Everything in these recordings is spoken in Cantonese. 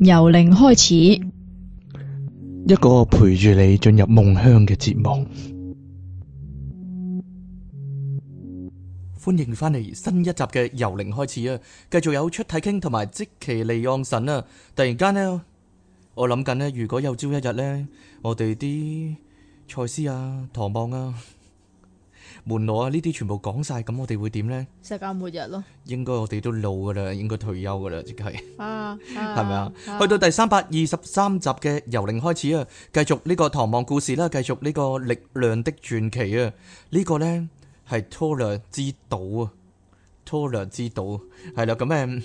由零開始，一個陪住你進入夢鄉嘅節目，歡迎翻嚟新一集嘅由零開始啊！繼續有出體傾同埋即奇利昂神啊！突然間呢，我諗緊呢，如果有朝一日呢，我哋啲賽斯啊、唐望啊。門羅啊！呢啲全部講晒，咁我哋會點呢？世界末日咯！應該我哋都老噶啦，應該退休噶啦，即係啊，係咪啊？去到第三百二十三集嘅由零開始啊，繼續呢個唐望故事啦，繼續呢個力量的傳奇啊！呢個呢係 Tonal 之島啊，Tonal 之島係啦，咁誒。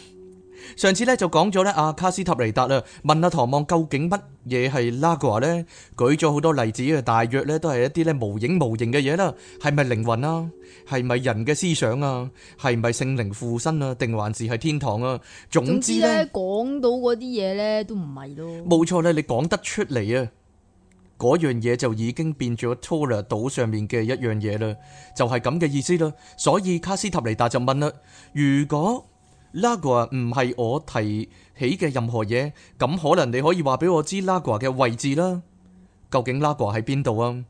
上次咧，就講咗咧，阿卡斯塔尼達啦，問阿唐望究竟乜嘢係拉古華咧，舉咗好多例子啊，大約咧都係一啲咧無影無形嘅嘢啦，係咪靈魂啊，係咪人嘅思想啊，係咪聖靈附身啊，定還是係天堂啊？總之咧，講到嗰啲嘢咧都唔係咯。冇錯咧，你講得出嚟啊，嗰樣嘢就已經變咗 Tonal 上面嘅一樣嘢啦，就係咁嘅意思啦。所以卡斯塔尼達就問啦，如果。拉瓜唔係我提起嘅任何嘢，咁可能你可以話俾我知拉瓜嘅位置啦。究竟拉瓜喺邊度啊？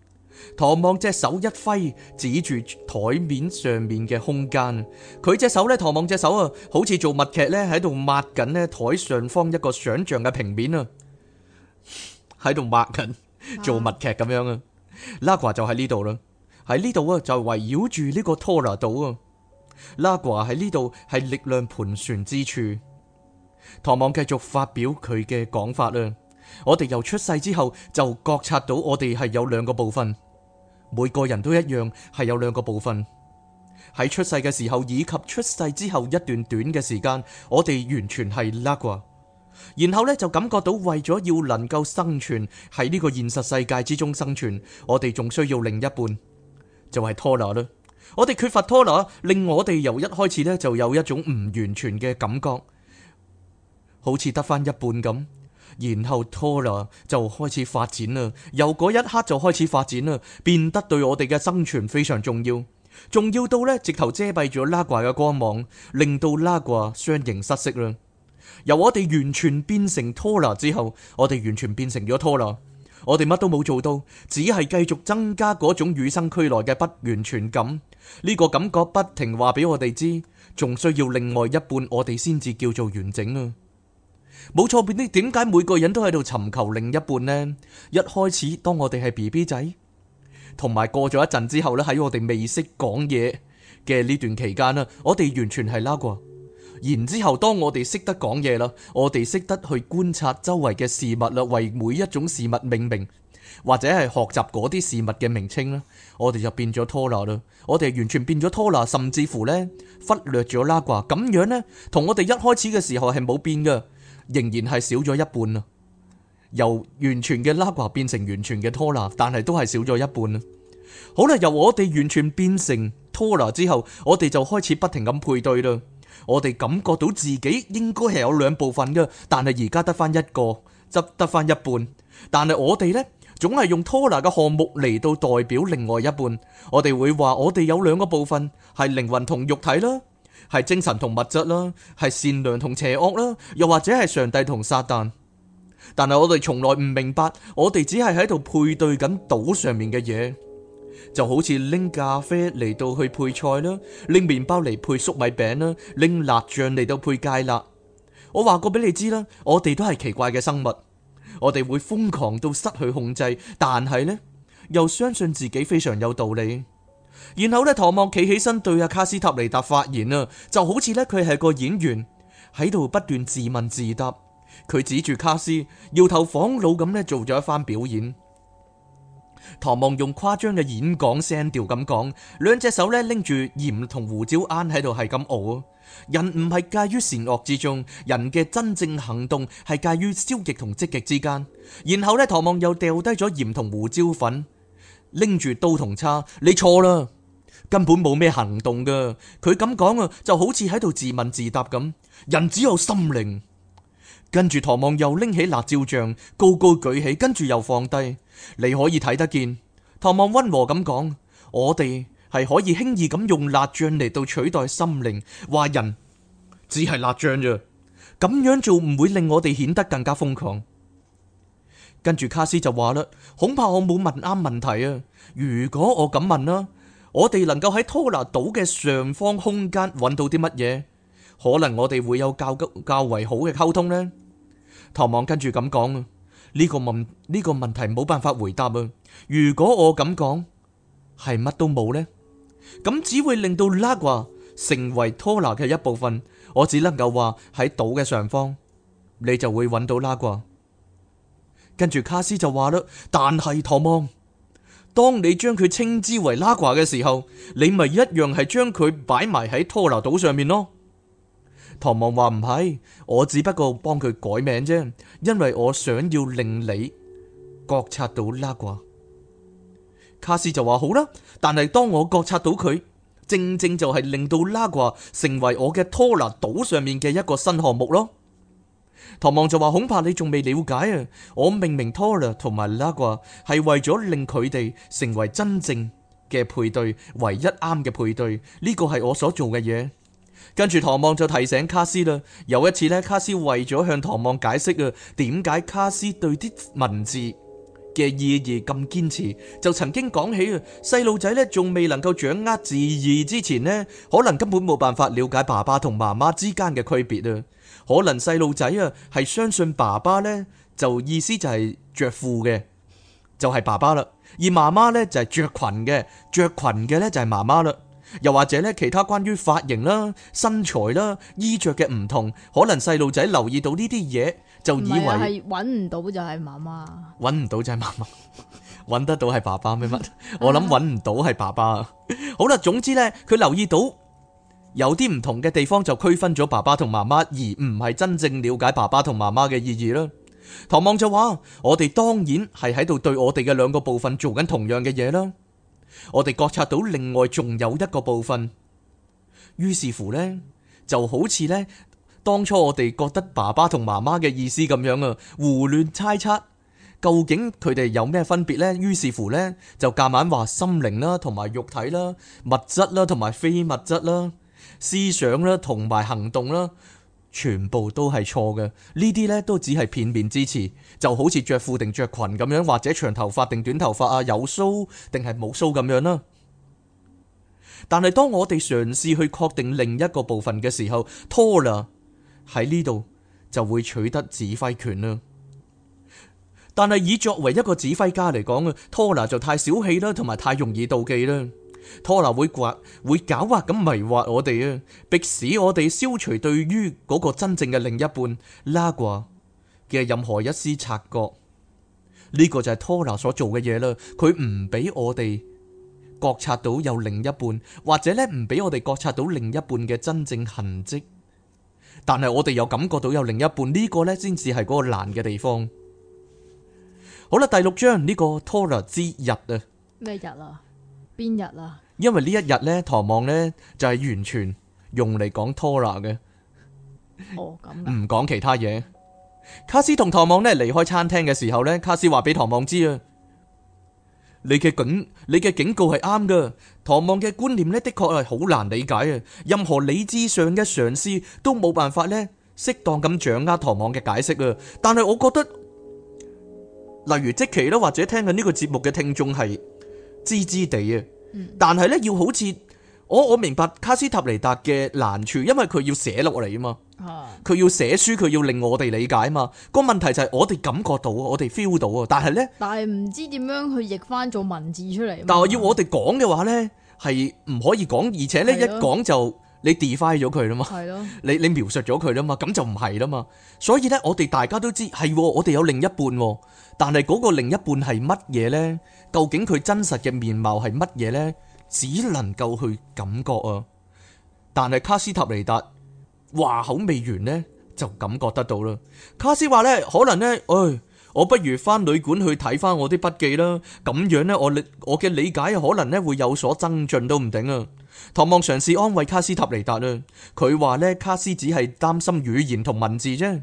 唐望隻手一揮，指住台面上面嘅空間。佢隻手咧，唐望隻手啊，好似做物劇咧喺度抹緊呢台上方一個想象嘅平面 啊，喺度抹緊做物劇咁樣啊。拉瓜就喺呢度啦，喺呢度啊，就圍繞住呢個 Tonal 島啊。拉掛喺呢度係力量盤旋之處，唐望繼續發表佢嘅講法啦。我哋由出世之後就覺察到我哋係有兩個部分，每個人都一樣係有兩個部分。喺出世嘅時候以及出世之後一段短嘅時間，我哋完全係拉掛，然後呢，就感覺到為咗要能夠生存喺呢個現實世界之中生存，我哋仲需要另一半，就係托拿啦。我哋缺乏拖拉，令我哋由一開始呢，就有一種唔完全嘅感覺，好似得返一半咁。然後拖拉就開始發展啦，由嗰一刻就開始發展啦，變得對我哋嘅生存非常重要，重要到呢，直頭遮蔽咗拉怪嘅光芒，令到拉怪相形失色啦。由我哋完全變成拖拉之後，我哋完全變成咗拖拉。我哋乜都冇做到，只係繼續增加嗰種與生俱來嘅不完全感。呢個感覺不停話俾我哋知，仲需要另外一半，我哋先至叫做完整啊！冇錯，邊啲點解每個人都喺度尋求另一半呢？一開始當我哋係 B B 仔，同埋過咗一陣之後呢，喺我哋未識講嘢嘅呢段期間啊，我哋完全係拉掛。然之後，當我哋識得講嘢啦，我哋識得去觀察周圍嘅事物啦，為每一種事物命名，或者係學習嗰啲事物嘅名稱啦，我哋就變咗拖拿啦，我哋完全變咗拖拿，甚至乎呢，忽略咗拉呱，咁樣呢，同我哋一開始嘅時候係冇變嘅，仍然係少咗一半啦。由完全嘅拉呱變成完全嘅拖拿，但係都係少咗一半啦。好啦，由我哋完全變成拖拿之後，我哋就開始不停咁配對啦。我哋感覺到自己應該係有兩部分嘅，但係而家得翻一個，執得翻一半。但係我哋呢，總係用拖拿嘅項目嚟到代表另外一半。我哋會話，我哋有兩個部分，係靈魂同肉體啦，係精神同物質啦，係善良同邪惡啦，又或者係上帝同撒旦。但係我哋從來唔明白，我哋只係喺度配對緊島上面嘅嘢。就好似拎咖啡嚟到去配菜啦，拎麵包嚟配粟米餅啦，拎辣醬嚟到配芥辣。我話過俾你知啦，我哋都係奇怪嘅生物，我哋會瘋狂到失去控制，但係呢，又相信自己非常有道理。然後呢，唐望企起身對阿卡斯塔尼達發言啦，就好似呢，佢係個演員喺度不斷自問自答。佢指住卡斯，搖頭晃腦咁呢，做咗一番表演。唐望用誇張嘅演講聲調咁講，兩隻手咧拎住鹽同胡椒罌喺度係咁熬。人唔係介於善惡之中，人嘅真正行動係介於消極同積極之間。然後咧，唐望又掉低咗鹽同胡椒粉，拎住刀同叉。你錯啦，根本冇咩行動噶。佢咁講啊，就好似喺度自問自答咁。人只有心靈。跟住唐望又拎起辣椒醬，高高舉起，跟住又放低。你可以睇得見。唐望溫和咁講，我哋係可以輕易咁用辣椒嚟到取代心靈。話人只係辣椒啫，咁樣做唔會令我哋顯得更加瘋狂。跟住卡斯就話啦，恐怕我冇問啱問題啊。如果我咁問啦、啊，我哋能夠喺托拿島嘅上方空間揾到啲乜嘢？可能我哋會有較高較為好嘅溝通呢？唐望跟住咁講啊，呢、這個問呢、這個問題冇辦法回答啊。如果我咁講，係乜都冇呢？咁只會令到拉掛成為拖拿嘅一部分。我只能夠話喺島嘅上方，你就會揾到拉掛。跟住卡斯就話啦，但係唐望，當你將佢稱之為拉掛嘅時候，你咪一樣係將佢擺埋喺拖拿島上面咯。唐望話唔係，我只不過幫佢改名啫，因為我想要令你覺察到拉掛。卡斯就話好啦，但係當我覺察到佢，正正就係令到拉掛成為我嘅 Tonal 島上面嘅一個新項目咯。唐望就話恐怕你仲未了解啊，我命名 Tonal 同埋拉掛係為咗令佢哋成為真正嘅配對，唯一啱嘅配對，呢個係我所做嘅嘢。跟住唐望就提醒卡斯啦，有一次咧，卡斯為咗向唐望解釋啊，點解卡斯對啲文字嘅意義咁堅持，就曾經講起啊，細路仔咧仲未能夠掌握字義之前呢，可能根本冇辦法了解爸爸同媽媽之間嘅區別啊。可能細路仔啊係相信爸爸咧，就意思就係着褲嘅，就係爸爸啦；而媽媽咧就係着裙嘅，着裙嘅咧就係媽媽啦。又或者咧，其他關於髮型啦、身材啦、衣着嘅唔同，可能細路仔留意到呢啲嘢，就以為係揾唔到就係媽媽，揾唔到就係媽媽，揾 得到係爸爸咩乜？ 我諗揾唔到係爸爸。 好啦，總之呢，佢留意到有啲唔同嘅地方，就區分咗爸爸同媽媽，而唔係真正了解爸爸同媽媽嘅意義啦。唐望就話：我哋當然係喺度對我哋嘅兩個部分做緊同樣嘅嘢啦。我哋覺察到另外仲有一個部分，於是乎呢就好似呢，當初我哋覺得爸爸同媽媽嘅意思咁樣啊，胡亂猜測究竟佢哋有咩分別呢？於是乎呢，就夾硬話心靈啦，同埋肉體啦、物質啦，同埋非物質啦、思想啦，同埋行動啦。全部都係錯嘅，呢啲呢都只係片面之詞，就好似着褲定着裙咁樣，或者長頭髮定短頭髮啊，有鬚定係冇鬚咁樣啦。但係當我哋嘗試去確定另一個部分嘅時候，Tonal 喺呢度就會取得指揮權啦。但係以作為一個指揮家嚟講啊，Tonal 就太小氣啦，同埋太容易妒忌啦。拖拉會刮，會狡猾咁迷惑我哋啊，迫使我哋消除對於嗰個真正嘅另一半拉卦嘅任何一絲察覺。呢個就係 Tonal 所做嘅嘢啦，佢唔俾我哋覺察到有另一半，或者呢唔俾我哋覺察到另一半嘅真正痕跡。但係我哋又感覺到有另一半，呢個呢先至係嗰個難嘅地方。好啦，第六章呢個 Tonal 之日啊，咩日啊？邊日啊？因為呢一日咧，唐望咧就係完全用嚟講 Tonal 嘅。哦，咁啊，唔講其他嘢。卡斯同唐望咧離開餐廳嘅時候咧，卡斯話俾唐望知啊，你嘅警，你嘅警告係啱噶。唐望嘅觀念咧的確係好難理解啊，任何理智上嘅嘗試都冇辦法咧適當咁掌握唐望嘅解釋啊。但係我覺得，例如即期啦，或者聽緊呢個節目嘅聽眾係。滋滋地啊！嗯、但係咧，要好似我我明白卡斯塔尼達嘅難處，因為佢要寫落嚟啊嘛，佢、啊、要寫書，佢要令我哋理解啊嘛。個問題就係我哋感覺到啊，我哋 feel 到啊，但係咧，但係唔知點樣去譯翻做文字出嚟。但係要我哋講嘅話咧，係唔可以講，而且咧的一講就。你 define 咗佢啦嘛，的你你描述咗佢啦嘛，咁就唔係啦嘛。所以呢，我哋大家都知係、哦，我哋有另一半、哦，但係嗰個另一半係乜嘢呢？究竟佢真實嘅面貌係乜嘢呢？只能夠去感覺啊。但係卡斯塔尼達話口未完呢，就感覺得到啦。卡斯話咧，可能咧，唉、哎。我不如翻旅館去睇翻我啲筆記啦，咁樣呢，我我嘅理解可能咧會有所增進都唔定啊。唐望嘗試安慰卡斯塔尼達啊，佢話呢，卡斯只係擔心語言同文字啫。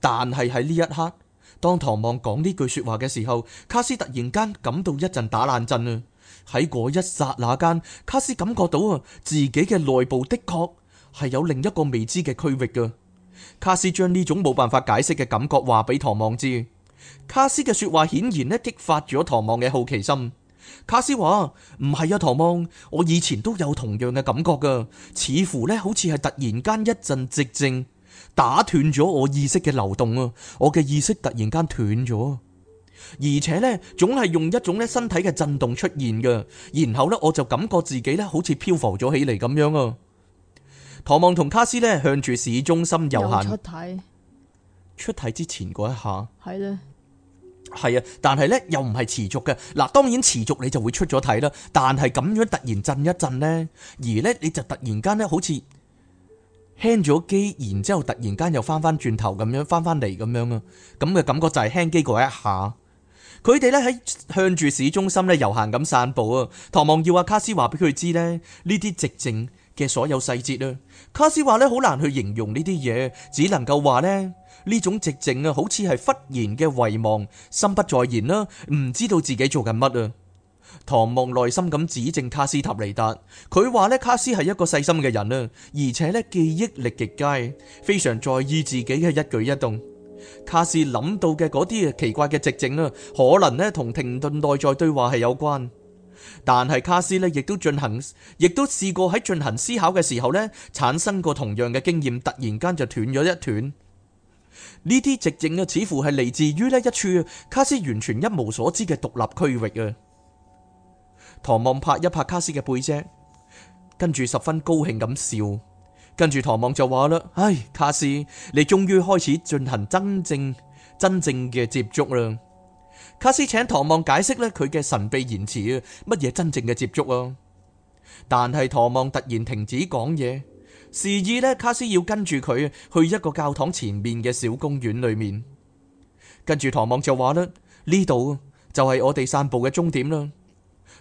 但係喺呢一刻，當唐望講呢句說話嘅時候，卡斯突然間感到一陣打冷震啊。喺嗰一剎那間，卡斯感覺到啊自己嘅內部的確係有另一個未知嘅區域噶。卡斯將呢種冇辦法解釋嘅感覺話俾唐望知。卡斯嘅說話顯然咧激發咗唐望嘅好奇心。卡斯話唔係啊，唐望，我以前都有同樣嘅感覺噶，似乎咧好似係突然間一陣寂靜打斷咗我意識嘅流動啊，我嘅意識突然間斷咗，而且呢，總係用一種咧身體嘅震動出現噶，然後呢，我就感覺自己咧好似漂浮咗起嚟咁樣啊。唐望同卡斯呢，向住市中心遊行，出體，出體之前嗰一下係啦。係啊，但係呢又唔係持續嘅嗱，當然持續你就會出咗體啦。但係咁樣突然震一震呢，而呢你就突然間呢好似輕咗機，然之後突然間又翻翻轉頭咁樣翻翻嚟咁樣啊，咁嘅感覺就係輕機嗰一下。佢哋呢喺向住市中心呢遊行咁散步啊。唐望要阿卡斯話俾佢知呢，呢啲寂靜嘅所有細節啦。卡斯話呢好難去形容呢啲嘢，只能夠話呢。呢種寂靜啊，好似係忽然嘅遺忘，心不在焉啦，唔知道自己做緊乜啊。唐望耐心咁指正卡斯塔尼達，佢話呢，卡斯係一個細心嘅人啊，而且呢記憶力極佳，非常在意自己嘅一舉一動。卡斯諗到嘅嗰啲奇怪嘅寂靜啊，可能呢同停頓內在對話係有關。但係卡斯呢亦都進行，亦都試過喺進行思考嘅時候呢，產生過同樣嘅經驗，突然間就斷咗一斷。呢啲直徑啊，似乎係嚟自於呢一處卡斯完全一無所知嘅獨立區域啊！唐望拍一拍卡斯嘅背脊，跟住十分高興咁笑，跟住唐望就話啦：唉，卡斯，你終於開始進行真正真正嘅接觸啦！卡斯請唐望解釋呢佢嘅神秘言辭乜嘢真正嘅接觸啊？但係唐望突然停止講嘢。示意咧，卡斯要跟住佢去一個教堂前面嘅小公園裏面。跟住唐望就話啦：呢度就係我哋散步嘅終點啦。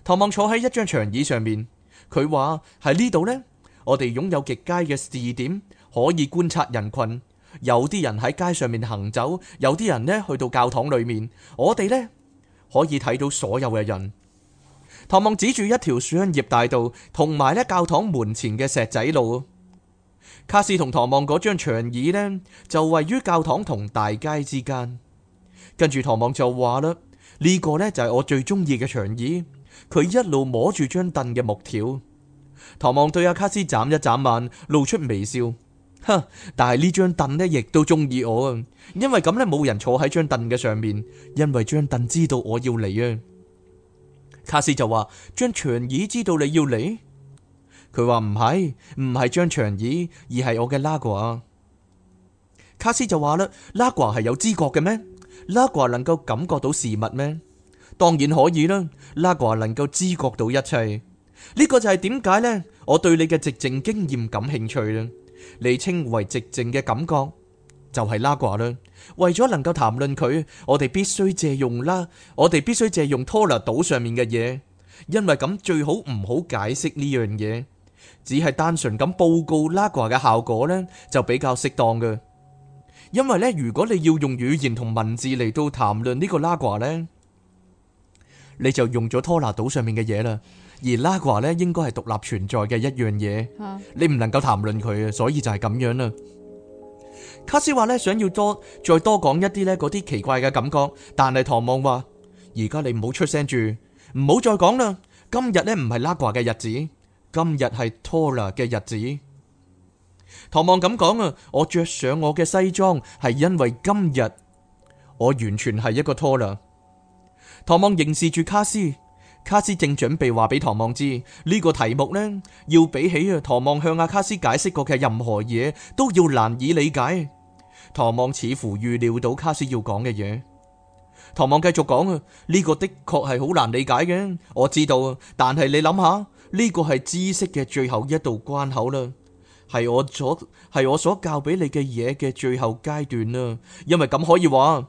唐望坐喺一張長椅上面，佢話喺呢度呢，我哋擁有極佳嘅視點，可以觀察人群。有啲人喺街上面行走，有啲人呢去到教堂裏面。我哋呢，可以睇到所有嘅人。唐望指住一條樹蔭大道，同埋咧教堂門前嘅石仔路。卡斯同唐望嗰張長椅呢，就位於教堂同大街之間。跟住唐望就話啦，呢個呢就係我最中意嘅長椅。佢一路摸住張凳嘅木條。唐望對阿卡斯眨一眨眼，露出微笑。哼，但係呢張凳呢，亦都中意我啊，因為咁呢，冇人坐喺張凳嘅上面，因為張凳知道我要嚟啊。卡斯就話：，張長椅知道你要嚟。佢話唔係唔係張長椅，而係我嘅拉掛。卡斯就話啦，拉掛係有知覺嘅咩？拉掛能夠感覺到事物咩？當然可以啦，拉掛能夠知覺到一切。呢個就係點解呢？我對你嘅寂靜經驗感興趣啦。你稱為寂靜嘅感覺，就係拉掛啦。為咗能夠談論佢，我哋必須借用啦，我哋必須借用托勒島上面嘅嘢，因為咁最好唔好解釋呢樣嘢。只係單純咁報告拉呱嘅效果咧，就比較適當嘅。因為咧，如果你要用語言同文字嚟到談論呢個拉呱咧，你就用咗拖拿島上面嘅嘢啦。而拉呱咧，應該係獨立存在嘅一樣嘢，你唔能夠談論佢啊，所以就係咁樣啦。卡斯話咧，想要多再多講一啲咧，嗰啲奇怪嘅感覺，但係唐望話，而家你唔好出聲住，唔好再講啦。今日咧，唔係拉呱嘅日子。今日係 Tonal 嘅日子，唐望咁講啊！我着上我嘅西裝係因為今日我完全係一個 Tonal。唐望凝視住卡斯，卡斯正準備話俾唐望知呢個題目呢，要比起啊，唐望向阿卡斯解釋過嘅任何嘢，都要難以理解。唐望似乎預料到卡斯要講嘅嘢，唐望繼續講啊，呢個的確係好難理解嘅。我知道啊，但係你諗下。呢個係知識嘅最後一道關口啦，係我所係我所教俾你嘅嘢嘅最後階段啦，因為咁可以話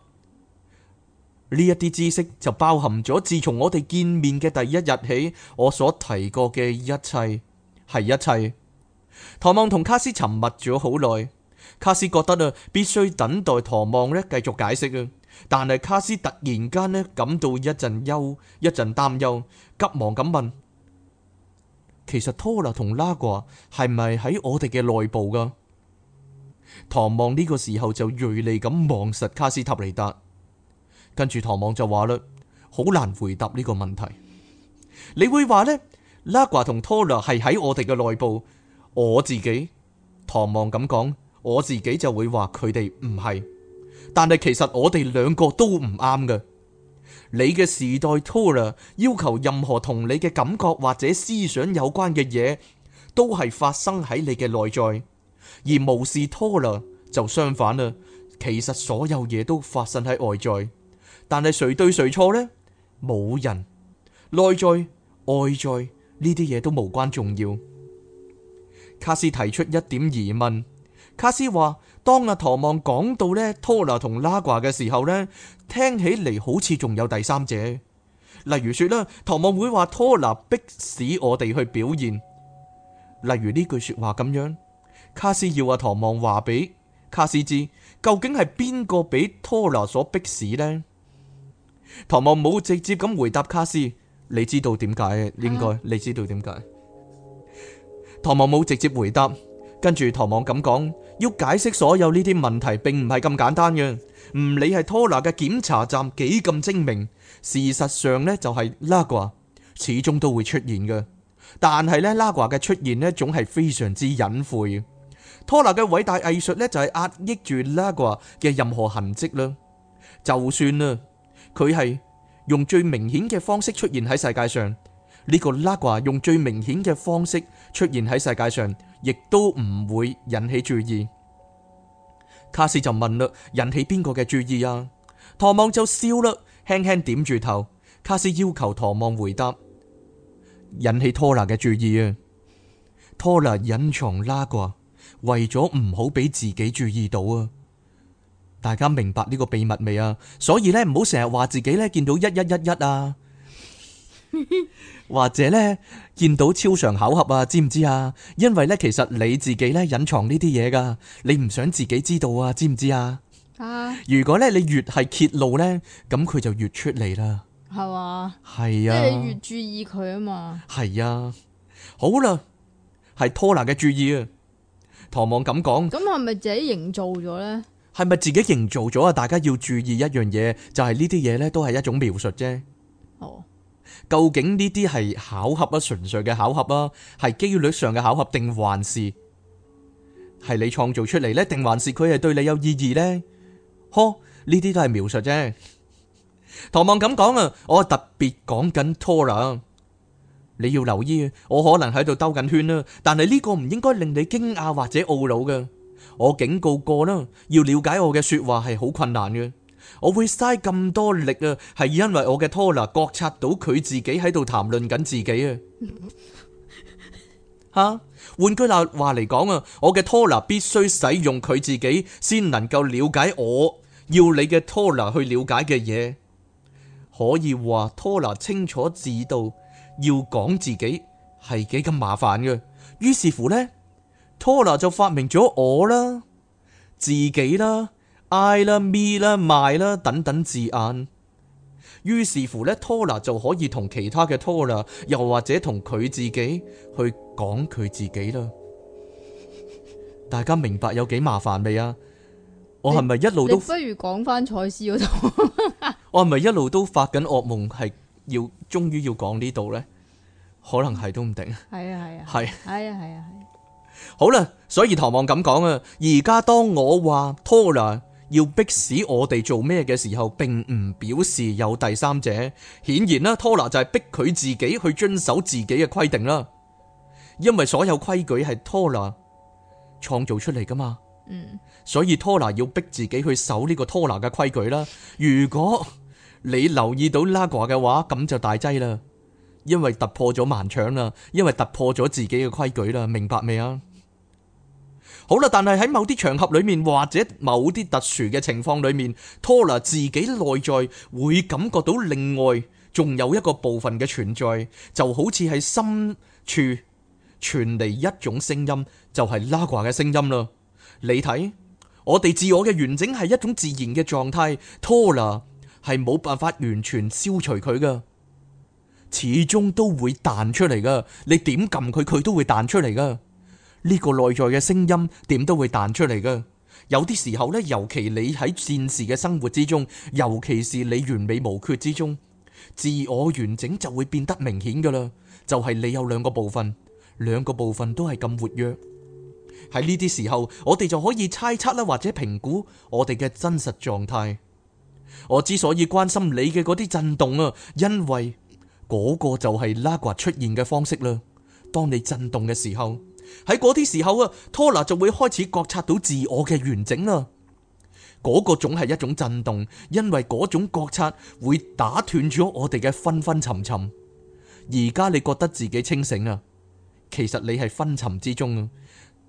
呢一啲知識就包含咗自從我哋見面嘅第一日起，我所提過嘅一切係一切。唐望同卡斯沉默咗好耐，卡斯覺得啊，必須等待唐望咧繼續解釋啊，但係卡斯突然間咧感到一陣憂，一陣擔憂，急忙咁問。其實拖勒同拉瓜係咪喺我哋嘅內部噶？唐望呢個時候就銳利咁望實卡斯塔尼達，跟住唐望就話啦，好難回答呢個問題。你會話呢，拉瓜同拖勒係喺我哋嘅內部？我自己，唐望咁講，我自己就會話佢哋唔係。但係其實我哋兩個都唔啱噶。你嘅時代，Tonal 要求任何同你嘅感覺或者思想有關嘅嘢，都係發生喺你嘅內在；而無視 Tonal 就相反啦。其實所有嘢都發生喺外在，但係誰對誰錯呢？冇人內在、外在呢啲嘢都無關重要。卡斯提出一點疑問。卡斯話：當阿唐望講到呢 Tonal 同拉瓜嘅時候呢？」聽起嚟好似仲有第三者，例如說啦，唐望會話 Tonal 逼使我哋去表現，例如呢句說話咁樣。卡斯要阿唐望話俾卡斯知，究竟係邊個俾 Tonal 所逼使呢？唐望冇直接咁回答卡斯，你知道點解？應該你知道點解？唐、啊、望冇直接回答，跟住唐望咁講，要解釋所有呢啲問題，並唔係咁簡單嘅。唔理係拖拿嘅檢查站幾咁精明，事實上呢就係拉掛始終都會出現嘅。但係呢拉掛嘅出現呢總係非常之隱晦。拖拿嘅偉大藝術呢，就係壓抑住拉掛嘅任何痕迹啦。就算啦，佢係用最明顯嘅方式出現喺世界上，呢個拉掛用最明顯嘅方式出現喺世界上，亦都唔會引起注意。卡斯就問嘞，引起邊個嘅注意啊？唐望就笑嘞，輕輕點住頭。卡斯要求唐望回答，引起托納嘅注意啊。托納隱藏拉啩，為咗唔好俾自己注意到啊。大家明白呢個秘密未啊？所以呢，唔好成日話自己呢見到一一一一啊。 或者咧見到超常巧合啊，知唔知啊？因為咧，其實你自己咧隱藏呢啲嘢噶，你唔想自己知道啊，知唔知啊？啊！如果咧你越係揭露咧，咁佢就越出嚟啦。係嘛吧？係啊！即係越注意佢啊嘛。係啊！好啦，係拖拿嘅注意啊。唐望咁講。咁係咪自己營造咗咧？係咪自己營造咗啊？大家要注意一樣嘢，就係呢啲嘢咧，都係一種描述啫。哦。究竟呢啲係巧合啊，純粹嘅巧合啊，係機率上嘅巧合定還是係你創造出嚟咧？定還是佢係對你有意義咧？呵，呢啲都係描述啫。唐望咁講啊，我特別講緊 Tonal 啦。你要留意啊，我可能喺度兜緊圈啦，但係呢個唔應該令你驚訝或者懊惱嘅。我警告過啦，要了解我嘅說話係好困難嘅。我會嘥咁多力啊，係因為我嘅 Tonal 覺察到佢自己喺度談論緊自己啊。吓，換句話嚟講啊，我嘅 Tonal 必須使用佢自己先能夠了解我。要你嘅 Tonal 去了解嘅嘢，可以話 Tonal 清楚知道要講自己係幾咁麻煩嘅。於是乎呢，Tonal 就發明咗我啦，自己啦。I 啦、me 啦、my 啦，等等字眼。於是乎咧，Tonal 就可以同其他嘅 Tonal 又或者同佢自己去講佢自己啦。 大家明白有幾麻煩未啊？你我係咪一路都不如講翻蔡司嗰度？ 我係咪一路都發緊惡夢？係要終於要講呢度咧？可能係都唔定。係 啊係啊係。係啊係啊係。啊好啦，所以唐望咁講啊，而家當我話 Tonal，要迫使我哋做咩嘅時候，並唔表示有第三者。顯然啦，托拿就係逼佢自己去遵守自己嘅規定啦。因為所有規矩係托拿創造出嚟噶嘛，嗯、所以托拿要逼自己去守呢個托拿嘅規矩啦。如果你留意到拉瓜嘅話，咁就大劑啦，因為突破咗盲腸啦，因為突破咗自己嘅規矩啦，明白未啊？好啦，但係喺某啲場合裏面，或者某啲特殊嘅情況裏面，Tonal 自己內在會感覺到另外仲有一個部分嘅存在，就好似喺深處傳嚟一種聲音，就係拉呱嘅聲音啦。你睇，我哋自我嘅完整係一種自然嘅狀態，Tonal 係冇辦法完全消除佢噶，始終都會彈出嚟噶。你點撳佢，佢都會彈出嚟噶。呢個內在嘅聲音點都會彈出嚟㗎。有啲時候咧，尤其你喺戰時嘅生活之中，尤其是你完美無缺之中，自我完整就會變得明顯噶啦。就係你有兩個部分，兩個部分都係咁活躍。喺呢啲時候，我哋就可以猜測啦，或者評估我哋嘅真實狀態。我之所以關心你嘅嗰啲震動啊，因為嗰個就係拉呱出現嘅方式啦。當你震動嘅時候。喺嗰啲時候啊，托拿就會開始覺察到自我嘅完整啦。嗰個總係一種震動，因為嗰種覺察會打斷咗我哋嘅昏昏沉沉。而家你覺得自己清醒啊，其實你係昏沉之中。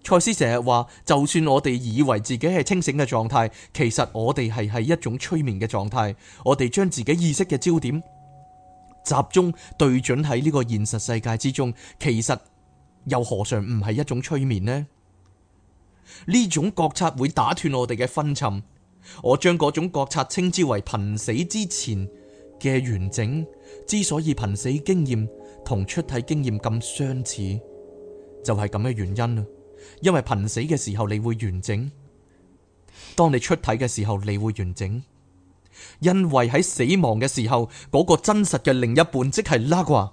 賽斯成日話，就算我哋以為自己係清醒嘅狀態，其實我哋係係一種催眠嘅狀態。我哋將自己意識嘅焦點集中對準喺呢個現實世界之中，其實。又何嘗唔係一種催眠呢？呢種覺察會打斷我哋嘅分尋，我將嗰種覺察稱之為瀕死之前嘅完整。之所以瀕死經驗同出體經驗咁相似，就係咁嘅原因啦。因為瀕死嘅時候你會完整，當你出體嘅時候你會完整，因為喺死亡嘅時候嗰、那個真實嘅另一半即係拉瓜。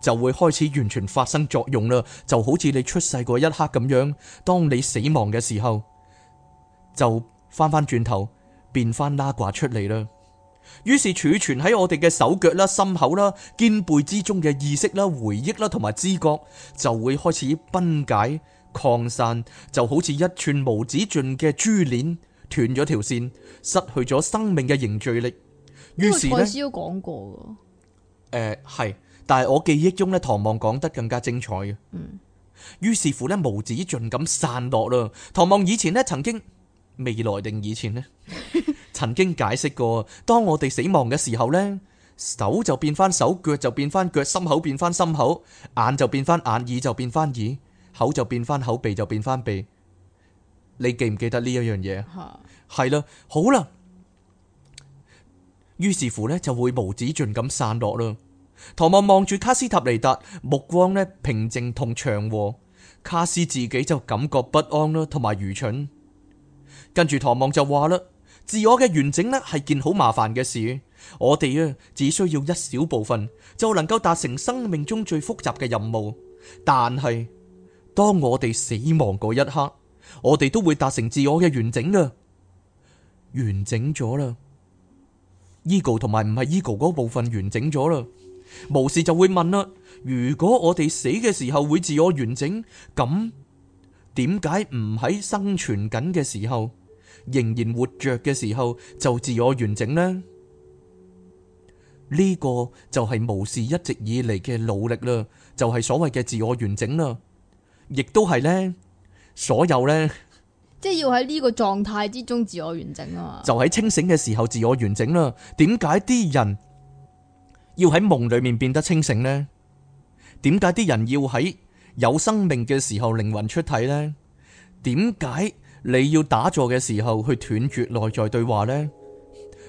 就會開始完全發生作用啦，就好似你出世嗰一刻咁樣。當你死亡嘅時候，就翻翻轉頭變翻拉掛出嚟啦。於是儲存喺我哋嘅手腳啦、心口啦、肩背之中嘅意識啦、回憶啦同埋知覺，就會開始崩解擴散，就好似一串無止盡嘅珠鏈斷咗條線，失去咗生命嘅凝聚力。於是呢，蔡司都講過嘅。誒、呃，係。但係我記憶中咧，唐望講得更加精彩嘅。嗯，於是乎咧，無止盡咁散落啦。唐望以前咧，曾經未來定以前咧，曾經解釋過，當我哋死亡嘅時候咧，手就變翻手，腳就變翻腳，心口變翻心口，眼就變翻眼，耳就變翻耳，口就變翻口，鼻就變翻鼻。你記唔記得呢一樣嘢？係係啦，好啦，於是乎咧，就會無止盡咁散落啦。唐望望住卡斯塔尼達，目光呢平靜同祥和。卡斯自己就感覺不安啦，同埋愚蠢。跟住唐望就話啦：自我嘅完整呢係件好麻煩嘅事，我哋啊只需要一小部分就能夠達成生命中最複雜嘅任務。但係當我哋死亡嗰一刻，我哋都會達成自我嘅完整啦。完整咗啦，Ego 同埋唔係 Ego 嗰部分完整咗啦。巫士就會問啦，如果我哋死嘅時候會自我完整，咁點解唔喺生存緊嘅時候，仍然活着嘅時候就自我完整呢？呢個就係巫士一直以嚟嘅努力啦，就係所謂嘅自我完整啦，亦都係呢，所有呢，即係要喺呢個狀態之中自我完整啊，就喺清醒嘅時候自我完整啦。點解啲人？要喺夢裏面變得清醒呢？點解啲人要喺有生命嘅時候靈魂出體呢？點解你要打坐嘅時候去斷絕內在對話呢？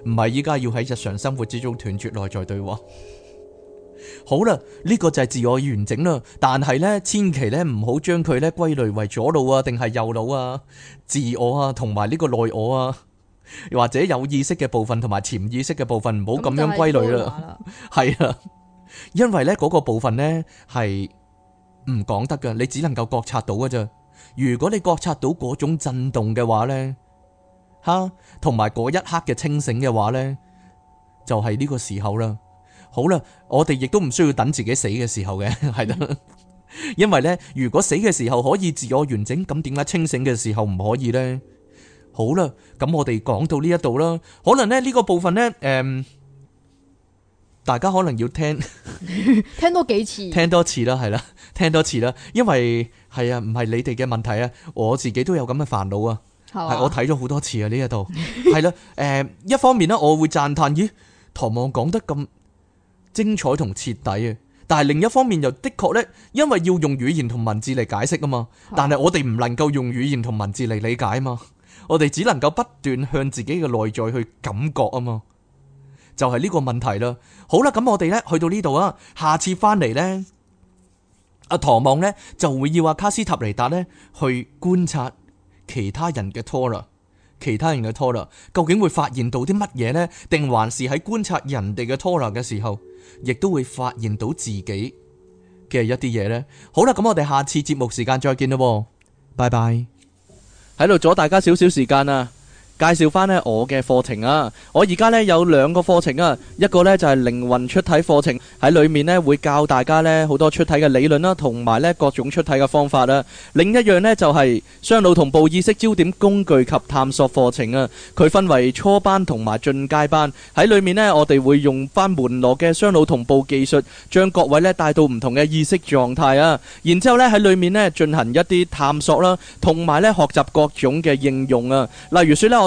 唔係依家要喺日常生活之中斷絕內在對話。好啦，呢個就係自我完整啦。但係呢，千祈咧唔好將佢咧歸類為左腦啊，定係右腦啊，自我啊，同埋呢個內我啊。或者有意識嘅部分同埋潛意識嘅部分，唔好咁樣歸類啦。係啦，因為呢嗰個部分呢係唔講得噶，你只能夠覺察到噶咋。如果你覺察到嗰種震動嘅話呢，吓同埋嗰一刻嘅清醒嘅話呢，就係呢個時候啦。好啦，我哋亦都唔需要等自己死嘅時候嘅，係啦。因為呢，如果死嘅時候可以自我完整，咁點解清醒嘅時候唔可以呢？好啦，咁我哋講到呢一度啦，可能咧呢、呢個部分呢，誒、呃，大家可能要聽， 聽多幾次，聽多次啦，係啦，聽多次啦，因為係啊，唔係你哋嘅問題啊，我自己都有咁嘅煩惱啊，係我睇咗好多次啊呢一度，係啦，誒、 呃，一方面呢，我會讚嘆，咦，唐望講得咁精彩同徹底啊，但係另一方面又的確呢，因為要用語言同文字嚟解釋啊嘛，但係我哋唔能夠用語言同文字嚟理解啊嘛。我哋只能夠不斷向自己嘅內在去感覺啊嘛，就係呢個問題啦。好啦，咁我哋呢去到呢度啊，下次翻嚟呢，阿唐望呢就會要阿卡斯塔尼達呢去觀察其他人嘅拖羅，其他人嘅拖羅，究竟會發現到啲乜嘢呢？定還是喺觀察人哋嘅拖羅嘅時候，亦都會發現到自己嘅一啲嘢呢？好啦，咁我哋下次節目時間再見啦，拜拜。喺度阻大家少少時間啊！介紹翻咧我嘅課程啊！我而家咧有兩個課程啊，一個咧就係靈魂出體課程，喺裡面咧會教大家咧好多出體嘅理論啦，同埋咧各種出體嘅方法啊。另一樣咧就係雙腦同步意識焦點工具及探索課程啊。佢分為初班同埋進階班，喺裡面咧我哋會用返門羅嘅雙腦同步技術，將各位咧帶到唔同嘅意識狀態啊。然之後咧喺裡面咧進行一啲探索啦，同埋咧學習各種嘅應用啊。例如説咧我。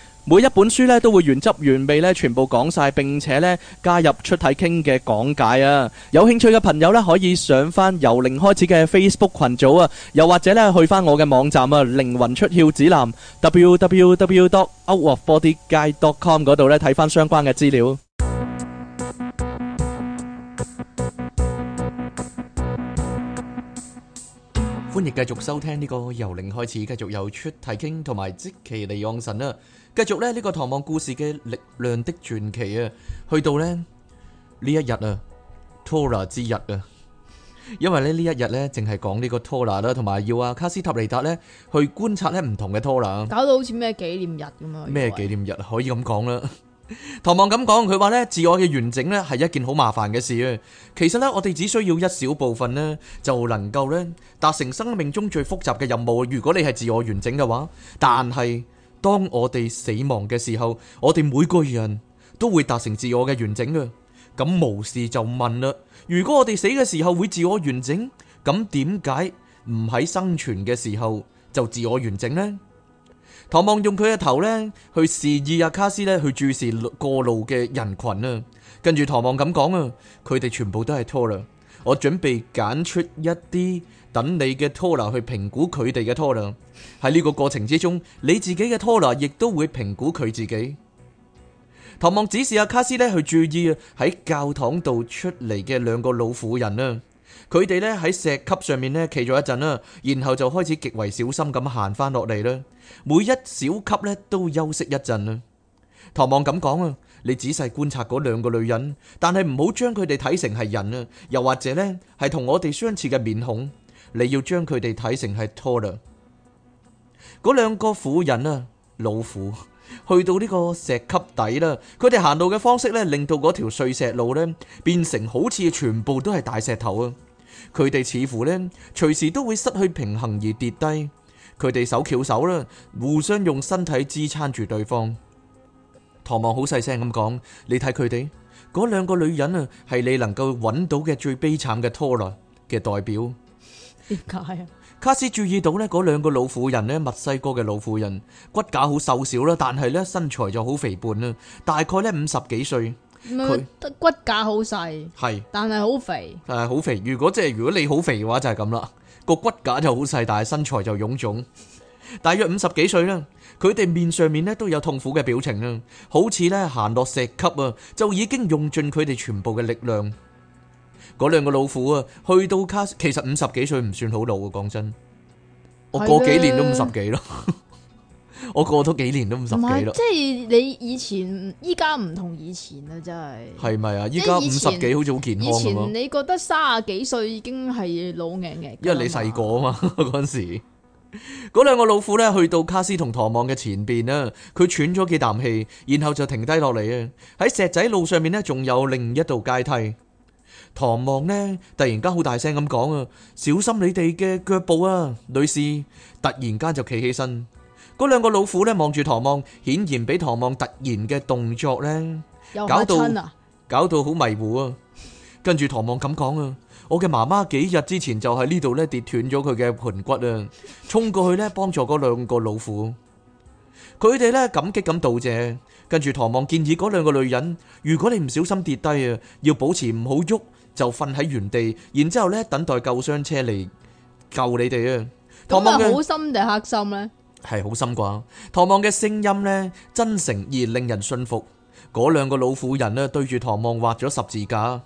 每一本書咧都會原汁原味咧全部講晒，並且咧加入出體傾嘅講解啊！有興趣嘅朋友咧可以上翻由零開始嘅 Facebook 群組啊，又或者咧去翻我嘅網站啊，靈魂出竅指南 www.outofbodyguide.com 嗰度咧睇翻相關嘅資料。歡迎繼續收聽呢個由零開始，繼續有出體傾同埋即其利用神啊！繼續咧，呢個《唐望故事》嘅力量的傳奇啊，去到咧呢一日啊，Tonal 之日啊，因為咧呢一日咧，淨係講呢個 Tonal 啦，同埋要阿卡斯塔尼達咧去觀察咧唔同嘅 Tonal，搞到好似咩紀念日咁啊！咩紀念日啊？可以咁講啦。唐望咁講，佢話咧自我嘅完整咧係一件好麻煩嘅事啊。其實咧，我哋只需要一小部分咧就能夠咧達成生命中最複雜嘅任務。如果你係自我完整嘅話，但係。當我哋死亡嘅時候，我哋每個人都會達成自我嘅完整啊！咁無事就問啦，如果我哋死嘅時候會自我完整，咁點解唔喺生存嘅時候就自我完整呢？唐望用佢嘅頭呢去示意阿卡斯呢去注視過路嘅人群啊！跟住唐望咁講啊，佢哋全部都係 Tonal，我準備揀出一啲等你嘅 Tonal 去評估佢哋嘅 Tonal。喺呢個過程之中，你自己嘅托拿亦都會評估佢自己。唐望指示阿卡斯咧去注意喺教堂度出嚟嘅兩個老婦人啦，佢哋咧喺石級上面咧企咗一陣啦，然後就開始極為小心咁行翻落嚟啦。每一小級咧都休息一陣啦。唐望咁講啊，你仔細觀察嗰兩個女人，但係唔好將佢哋睇成係人啊，又或者咧係同我哋相似嘅面孔，你要將佢哋睇成係托拿。嗰兩個婦人啊，老虎去到呢個石級底啦，佢哋行路嘅方式呢，令到嗰條碎石路呢，變成好似全部都係大石頭啊！佢哋似乎呢，隨時都會失去平衡而跌低，佢哋手翹手啦，互相用身體支撐住對方。唐望好細聲咁講：你睇佢哋，嗰兩個女人啊，係你能夠揾到嘅最悲慘嘅拖累嘅代表。點解啊？卡斯注意到咧，嗰兩個老婦人咧，墨西哥嘅老婦人，骨架好瘦小啦，但係咧身材就好肥胖啦，大概咧五十幾歲，佢骨架好細，係，但係好肥，係好肥。如果即係如果你好肥嘅話就係咁啦，個骨架就好細，但係身材就臃腫，大約五十幾歲啦。佢哋面上面咧都有痛苦嘅表情啦，好似咧行落石級啊，就已經用盡佢哋全部嘅力量。嗰兩個老虎啊，去到卡，其實五十幾歲唔算好老啊。講真，我過幾年都五十幾咯，的 我過咗幾年都五十幾咯。即係你以前依家唔同以前啊，真係，係咪啊？依家五十幾好似好健康。以前你覺得三十幾歲已經係老硬嘅？因為你細個啊嘛。嗰陣時嗰兩個老虎呢，去到卡斯同唐望嘅前邊啊，佢喘咗幾啖氣，然後就停低落嚟啊。喺石仔路上面呢，仲有另一道階梯。唐望呢，突然間好大聲咁講啊，小心你哋嘅腳步啊，女士！突然間就企起身，嗰兩個老虎呢望住唐望，顯然俾唐望突然嘅動作呢，搞到搞到好迷糊啊！跟住唐望咁講啊，我嘅媽媽幾日之前就喺呢度呢跌斷咗佢嘅盆骨啊，衝過去呢幫助嗰兩個老虎，佢哋呢感激咁道謝，跟住唐望建議嗰兩個女人，如果你唔小心跌低啊，要保持唔好喐，就瞓喺原地，然之後咧，等待救傷車嚟救你哋啊！唐望好心定係黑心咧？係好心啩！唐望嘅聲音咧，真誠而令人信服。嗰兩個老婦人咧，對住唐望畫咗十字架。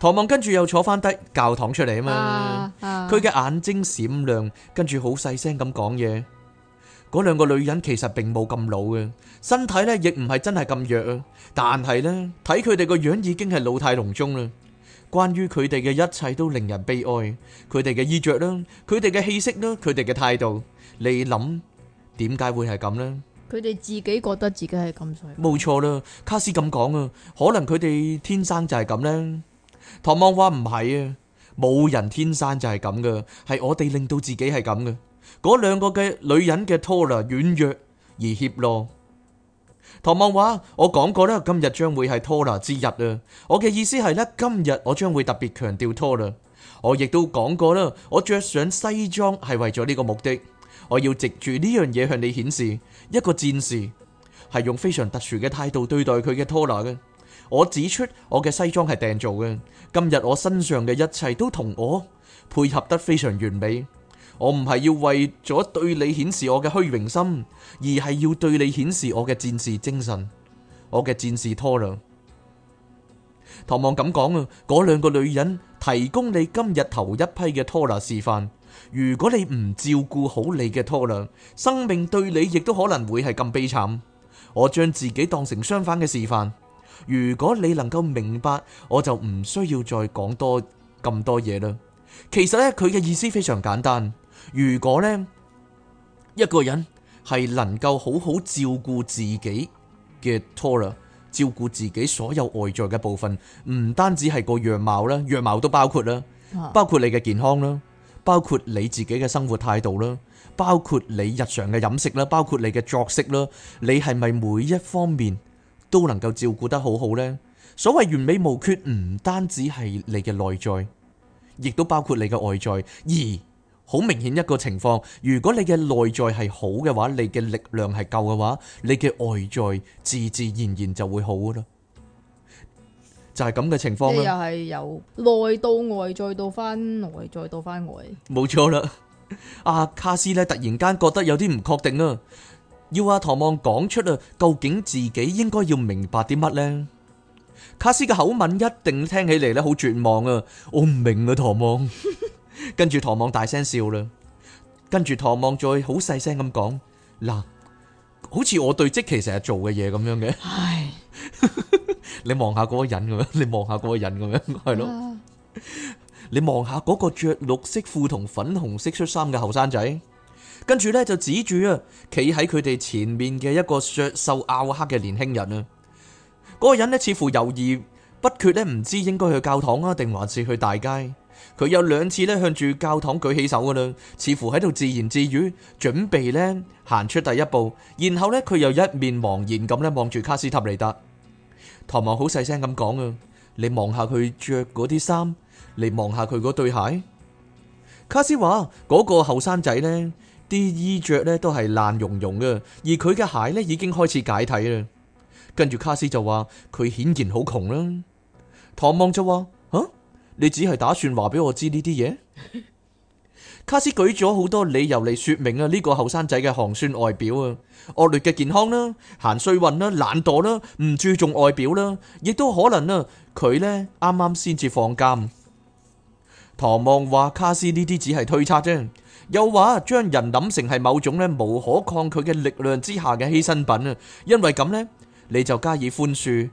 唐望跟住又坐翻低教堂出嚟啊嘛！佢嘅眼睛閃亮，跟住好細聲咁講嘢嗰兩個女人其實並冇咁老嘅，身體咧亦唔係真係咁弱啊！但係咧，睇佢哋個樣已經係老態龍鍾啦。關於佢哋嘅一切都令人悲哀，佢哋嘅衣着啦，佢哋嘅氣息啦，佢哋嘅態度，你諗點解會係咁咧？佢哋自己覺得自己係咁衰，冇錯啦。卡斯咁講啊，可能佢哋天生就係咁咧。唐望話唔係啊，冇人天生就係咁噶，係我哋令到自己係咁噶。嗰兩個嘅女人嘅拖拉軟弱而怯懦。唐望話：我講過啦，今日將會係拖拿之日啊！我嘅意思係咧，今日我將會特別強調拖拿。我亦都講過啦，我着上西裝係為咗呢個目的。我要藉住呢樣嘢向你顯示，一個戰士係用非常特殊嘅態度對待佢嘅拖拿嘅。我指出我嘅西裝係訂做嘅，今日我身上嘅一切都同我配合得非常完美。我唔係要為咗對你顯示我嘅虛榮心，而係要對你顯示我嘅戰士精神，我嘅戰士 Tonal。唐望咁講啊，嗰兩個女人提供你今日頭一批嘅 Tonal 示範。如果你唔照顧好你嘅 Tonal，生命對你亦都可能會係咁悲慘。我將自己當成相反嘅示範。如果你能夠明白，我就唔需要再講多咁多嘢啦。其實呢，佢嘅意思非常簡單。如果呢一個人係能夠好好照顧自己嘅 tonal，照顧自己所有外在嘅部分，唔單止係個樣貌啦，樣貌都包括啦，包括你嘅健康啦，包括你自己嘅生活態度啦，包括你日常嘅飲食啦，包括你嘅作息啦，你係咪每一方面都能夠照顧得好好呢？所謂完美無缺，唔單止係你嘅內在，亦都包括你嘅外在而。好明顯一個情況，如果你嘅內在係好嘅話，你嘅力量係夠嘅話，你嘅外在自自然然就會好噶啦，就係咁嘅情況啦。又係由內到外，再到翻內，再到翻外。冇錯啦，阿卡斯呢突然間覺得有啲唔確定啊，要阿唐望講出啊，究竟自己應該要明白啲乜呢？卡斯嘅口吻一定聽起嚟咧好絕望啊！我唔明啊，唐望。跟住唐望大聲笑啦，跟住唐望再好細聲咁講嗱，好似我對積奇成日做嘅嘢咁樣嘅，你望下嗰個人咁樣，你望下嗰個人咁樣，係咯， 你望下嗰個着綠色褲同粉紅色恤衫嘅後生仔，跟住咧就指住啊，企喺佢哋前面嘅一個着瘦，瘦拗黑嘅年輕人啊，嗰、嗰個人呢，似乎猶豫不決咧，唔知應該去教堂啊，定還是去大街。佢有兩次咧向住教堂舉起手噶啦，似乎喺度自言自語，準備咧行出第一步。然後咧佢又一面茫然咁咧望住卡斯塔尼達。唐望好細聲咁講啊，你望下佢着嗰啲衫，你望下佢嗰對鞋。卡斯話嗰、那個後生仔咧啲衣著咧都係爛溶溶啊，而佢嘅鞋咧已經開始解體啦。跟住卡斯就話佢顯然好窮啦。唐望就話。你只係打算話俾我知呢啲嘢？卡斯舉咗好多理由嚟說明啊，呢個後生仔嘅寒酸外表啊，惡劣嘅健康啦，行衰運啦，懶惰啦，唔注重外表啦，亦都可能啦，佢呢啱啱先至放監。唐望話：卡斯呢啲只係推測啫。又話將人諗成係某種咧無可抗拒嘅力量之下嘅犧牲品啊，因為咁呢，你就加以寬恕。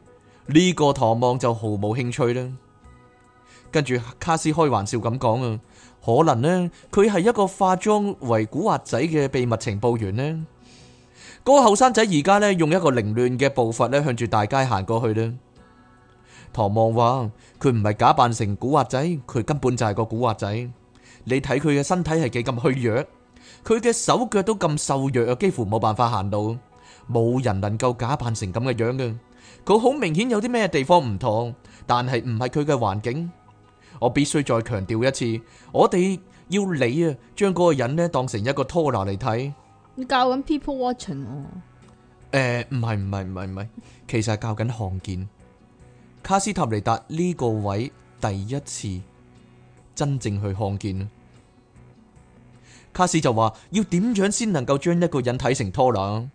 呢個唐望就毫無興趣啦。跟住卡斯開玩笑咁講啊，可能咧佢係一個化妝為古惑仔嘅秘密情報員咧。呢個後生仔而家咧用一個凌亂嘅步伐咧向住大街行過去咧。唐望話：佢唔係假扮成古惑仔，佢根本就係個古惑仔。你睇佢嘅身體係幾咁虛弱，佢嘅手腳都咁瘦弱啊，幾乎冇辦法行到。冇人能夠假扮成咁嘅樣噶。佢好明顯有啲咩地方唔同，但係唔係佢嘅環境。我必須再強調一次，我哋要你啊，將嗰個人咧當成一個拖拉嚟睇。你教緊 people watching 誒，唔係唔係唔係唔係，其實係教緊看見。卡斯塔尼達呢個位第一次真正去看見。卡斯就話要點樣先能夠將一個人睇成 Tonal。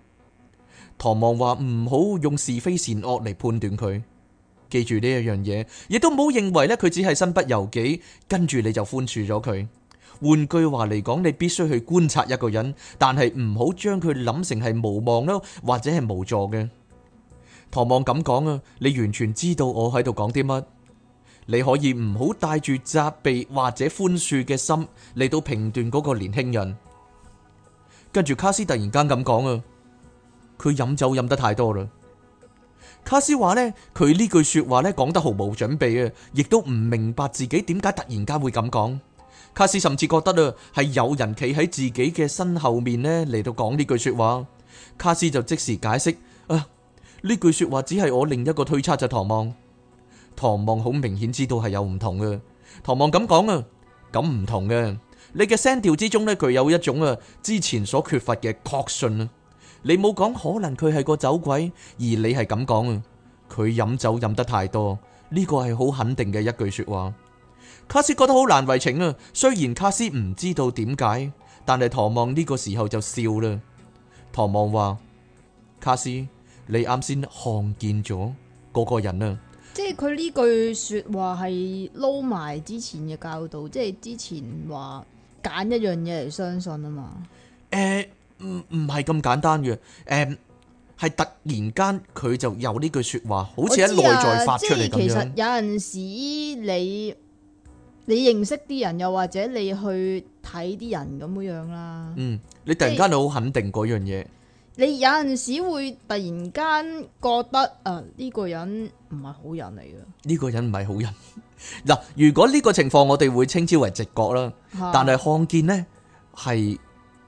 唐望話唔好用是非善惡嚟判斷佢。記住呢一樣嘢，亦都唔好認為咧佢只係身不由己，跟住你就寬恕咗佢。換句話嚟講，你必須去觀察一個人，但係唔好將佢諗成係無望咯，或者係無助嘅。唐望咁講啊，你完全知道我喺度講啲乜。你可以唔好帶住責備或者寬恕嘅心嚟到評斷嗰個年輕人。跟住卡斯突然間咁講啊，佢飲酒飲得太多啦。卡斯話呢，佢呢句說話呢講得毫無準備啊，亦都唔明白自己點解突然間會咁講。卡斯甚至覺得啊，係有人企喺自己嘅身後面呢嚟,到講呢句說話。卡斯就即時解釋啊，呢句說話只係我另一個推測，就唐望。唐望好明顯知道係有唔同嘅。唐望咁講啊，咁唔同嘅，你嘅聲調之中呢，具有一種啊之前所缺乏嘅確信啊。你冇講可能佢係個酒鬼，而你係咁講啊！佢飲酒飲得太多，呢個係好肯定嘅一句說話。卡斯覺得好難為情啊，雖然卡斯唔知道點解，但係唐望呢個時候就笑啦。唐望話：卡斯，你啱先看見咗個個人啊？即係佢呢句說話係撈埋之前嘅教導，即係之前話揀一樣嘢嚟相信啊嘛。誒。欸唔唔係咁簡單嘅，誒、嗯，係突然間佢就有呢句說話，好似喺內在發出嚟咁，啊、其實有陣時你你認識啲人，又或者你去睇啲人咁樣啦。嗯，你突然間好肯定嗰你樣嘢，你有陣時會突然間覺得誒呢、呃這個人唔係好人嚟嘅，呢個人唔係好人嗱。 如果呢個情況我哋會稱之為直覺啦，但係看見呢係。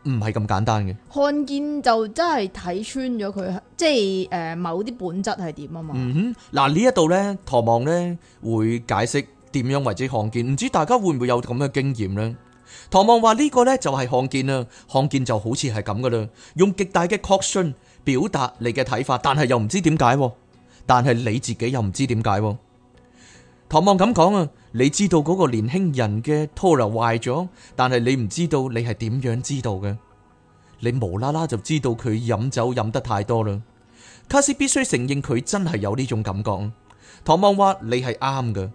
唔係咁簡單嘅，看見就真係睇穿咗佢，即係誒、呃、某啲本質係點啊嘛。嗱、嗯、呢一度咧，唐望咧會解釋點樣為止看見，唔知大家會唔會有咁嘅經驗咧？唐望話呢個咧就係看見啦，看見就好似係咁噶啦，用極大嘅確信表達你嘅睇法，但係又唔知點解，但係你自己又唔知點解。唐望咁講啊，你知道嗰個年輕人嘅 Tonal 壞咗，但係你唔知道你係點樣知道嘅，你無啦啦就知道佢飲酒飲得太多啦。卡斯必須承認佢真係有呢種感覺。唐望話你係啱嘅，嗰、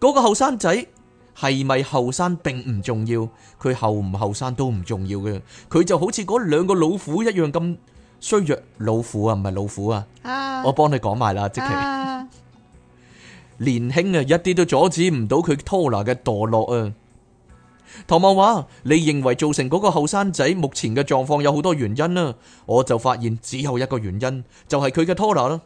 嗰個後生仔係咪後生並唔重要，佢後唔後生都唔重要嘅，佢就好似嗰兩個老虎一樣咁衰弱。老虎啊，唔係老虎啊，ah. 我幫你講埋啦，即奇。Ah. 年輕啊，一啲都阻止唔到佢拖拿嘅墮落啊！唐望話，你認為造成嗰個後生仔目前嘅狀況有好多原因啦，啊，我就發現只有一個原因，就係佢嘅拖拿啦，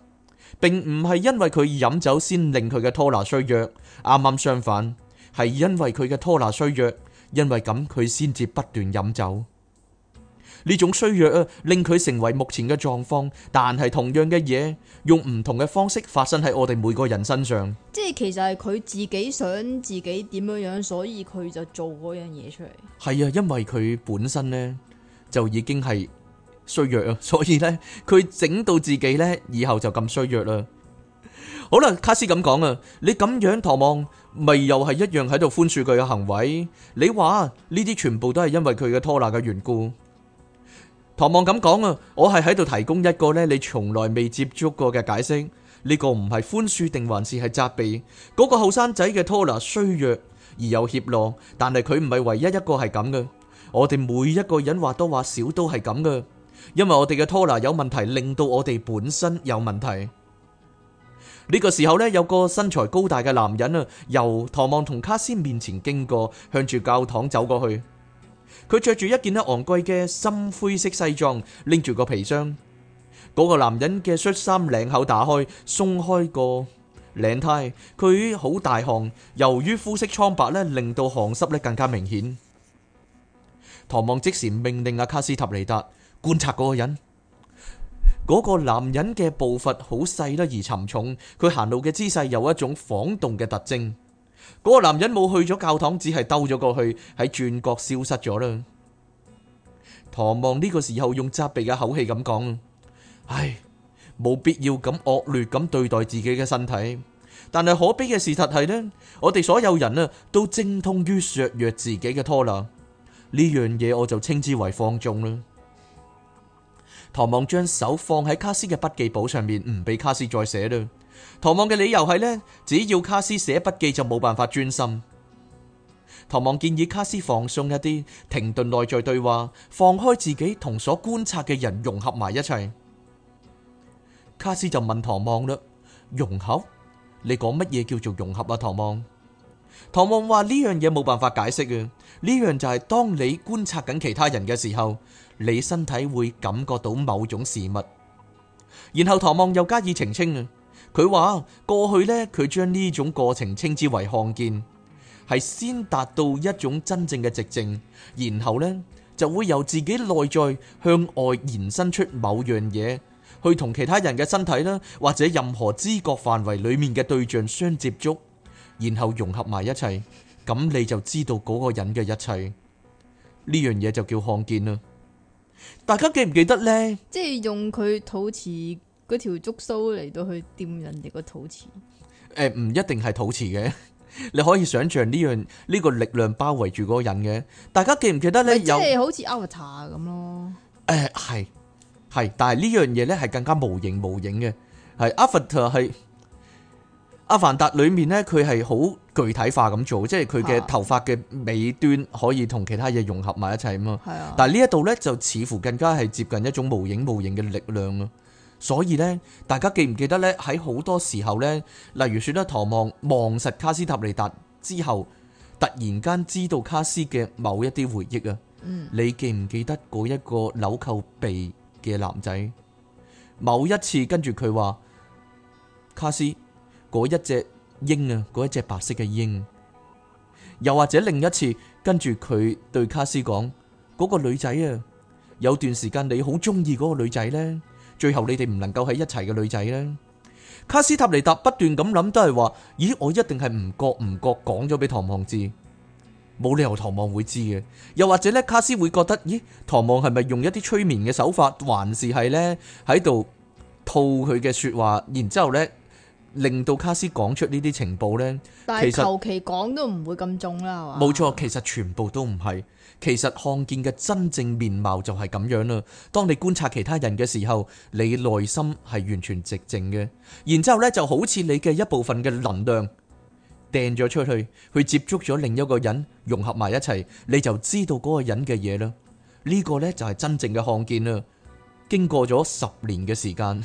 並唔係因為佢飲酒先令佢嘅拖拿衰弱，啱啱相反，係因為佢嘅拖拿衰弱，因為咁佢先至不斷飲酒。呢種衰弱啊，令佢成為目前嘅狀況。但係同樣嘅嘢，用唔同嘅方式發生喺我哋每個人身上。即係其實係佢自己想自己點樣樣，所以佢就做嗰樣嘢出嚟。係啊，因為佢本身咧，就已經係衰弱啊，所以咧，佢整到自己咧，以後就咁衰弱啦。好啦，卡斯咁講啊，你咁樣唐望，咪又係一樣喺度寬恕佢嘅行為。你話呢啲全部都係因為佢嘅拖拿嘅緣故。唐望咁講啊，我係喺度提供一個呢你從來未接觸過嘅解釋。呢個唔係寬恕定還是係責備？嗰個後生仔嘅拖拿衰弱而有怯懦，但係佢唔係唯一一個係咁嘅。我哋每一個人或多或少都係咁嘅，因為我哋嘅拖拿有問題，令到我哋本身有問題。呢個時候呢，有個身材高大嘅男人啊，由唐望同卡斯面前經過，向住教堂走過去。佢着住一件咧昂貴嘅深灰色西裝，拎住個皮箱。嗰、那個男人嘅恤衫領口打開，鬆開個領呔。佢好大汗，由於膚色蒼白咧，令到汗濕咧更加明顯。唐望即時命令阿卡斯塔尼達觀察嗰個人。嗰、那個男人嘅步伐好細啦而沉重，佢行路嘅姿勢有一種晃動嘅特徵。嗰個男人冇去咗教堂，只係兜咗過去喺轉角消失咗啦。唐望呢個時候用責備嘅口氣咁講：唉，冇必要咁惡劣咁對待自己嘅身體。但係可悲嘅事實係呢，我哋所有人呢都精通於削弱自己嘅 Tonal，呢樣嘢我就稱之為放縱啦。唐望將手放喺卡斯嘅筆記簿上面，唔俾卡斯再寫啦。唐望嘅理由係呢：只要卡斯寫筆記就冇辦法專心。唐望建議卡斯放鬆一啲，停頓內在對話，放開自己，同所觀察嘅人融合埋一齊。卡斯就問唐望啦：融合？你講乜嘢叫做融合啊？唐望，唐望話呢樣嘢冇辦法解釋嘅，呢樣就係當你觀察緊其他人嘅時候，你身體會感覺到某種事物。然後唐望又加以澄清佢話過去呢，佢將呢種過程稱之為看見，係先達到一種真正嘅寂靜，然後呢，就會由自己內在向外延伸出某樣嘢，去同其他人嘅身體啦，或者任何知覺範圍裏面嘅對象相接觸，然後融合埋一齊，咁你就知道嗰個人嘅一切。呢樣嘢就叫看見啦。大家記唔記得呢？即係用佢土似。嗰條竹鬚嚟到去掂人哋個肚臍，誒，唔一定係肚臍嘅，你可以想象呢樣呢個力量包圍住嗰個人嘅。大家記唔記得咧？有即係好似 Avatar 咁咯。誒，係係，但係呢樣嘢咧係更加無形無影嘅。係 Avatar 係阿凡達裏面咧，佢係好具體化咁做，即係佢嘅頭髮嘅尾端可以同其他嘢融合埋一齊啊嘛。係啊，但係呢一度咧就似乎更加係接近一種無形無影嘅力量啊。所以呢，大家記唔記得呢？喺好多時候呢，例如選得唐望望實卡斯塔利達之後，突然間知道卡斯嘅某一啲回憶啊。嗯，你記唔記得嗰一個扭扣鼻嘅男仔？某一次跟住佢話卡斯嗰一隻鷹啊，嗰一隻白色嘅鷹。又或者另一次跟住佢對卡斯講嗰個女仔啊，有段時間你好中意嗰個女仔呢。最後你哋唔能夠喺一齊嘅女仔咧，卡斯塔尼達不斷咁諗都係話，咦，我一定係唔覺唔覺講咗俾唐望知，冇理由唐望會知嘅。又或者咧，卡斯會覺得，咦，唐望係咪用一啲催眠嘅手法，還是係咧喺度套佢嘅說話，然之後咧令到卡斯講出呢啲情報咧？但係求其講都唔會咁重啦，係嘛？冇錯，其實全部都唔係。其實看見嘅真正面貌就係咁樣啦。當你觀察其他人嘅時候，你內心係完全寂靜嘅。然之後呢，就好似你嘅一部分嘅能量掟咗出去，去接觸咗另一個人，融合埋一齊，你就知道嗰個人嘅嘢啦。呢個呢就係真正嘅看見啦。經過咗十年嘅時間。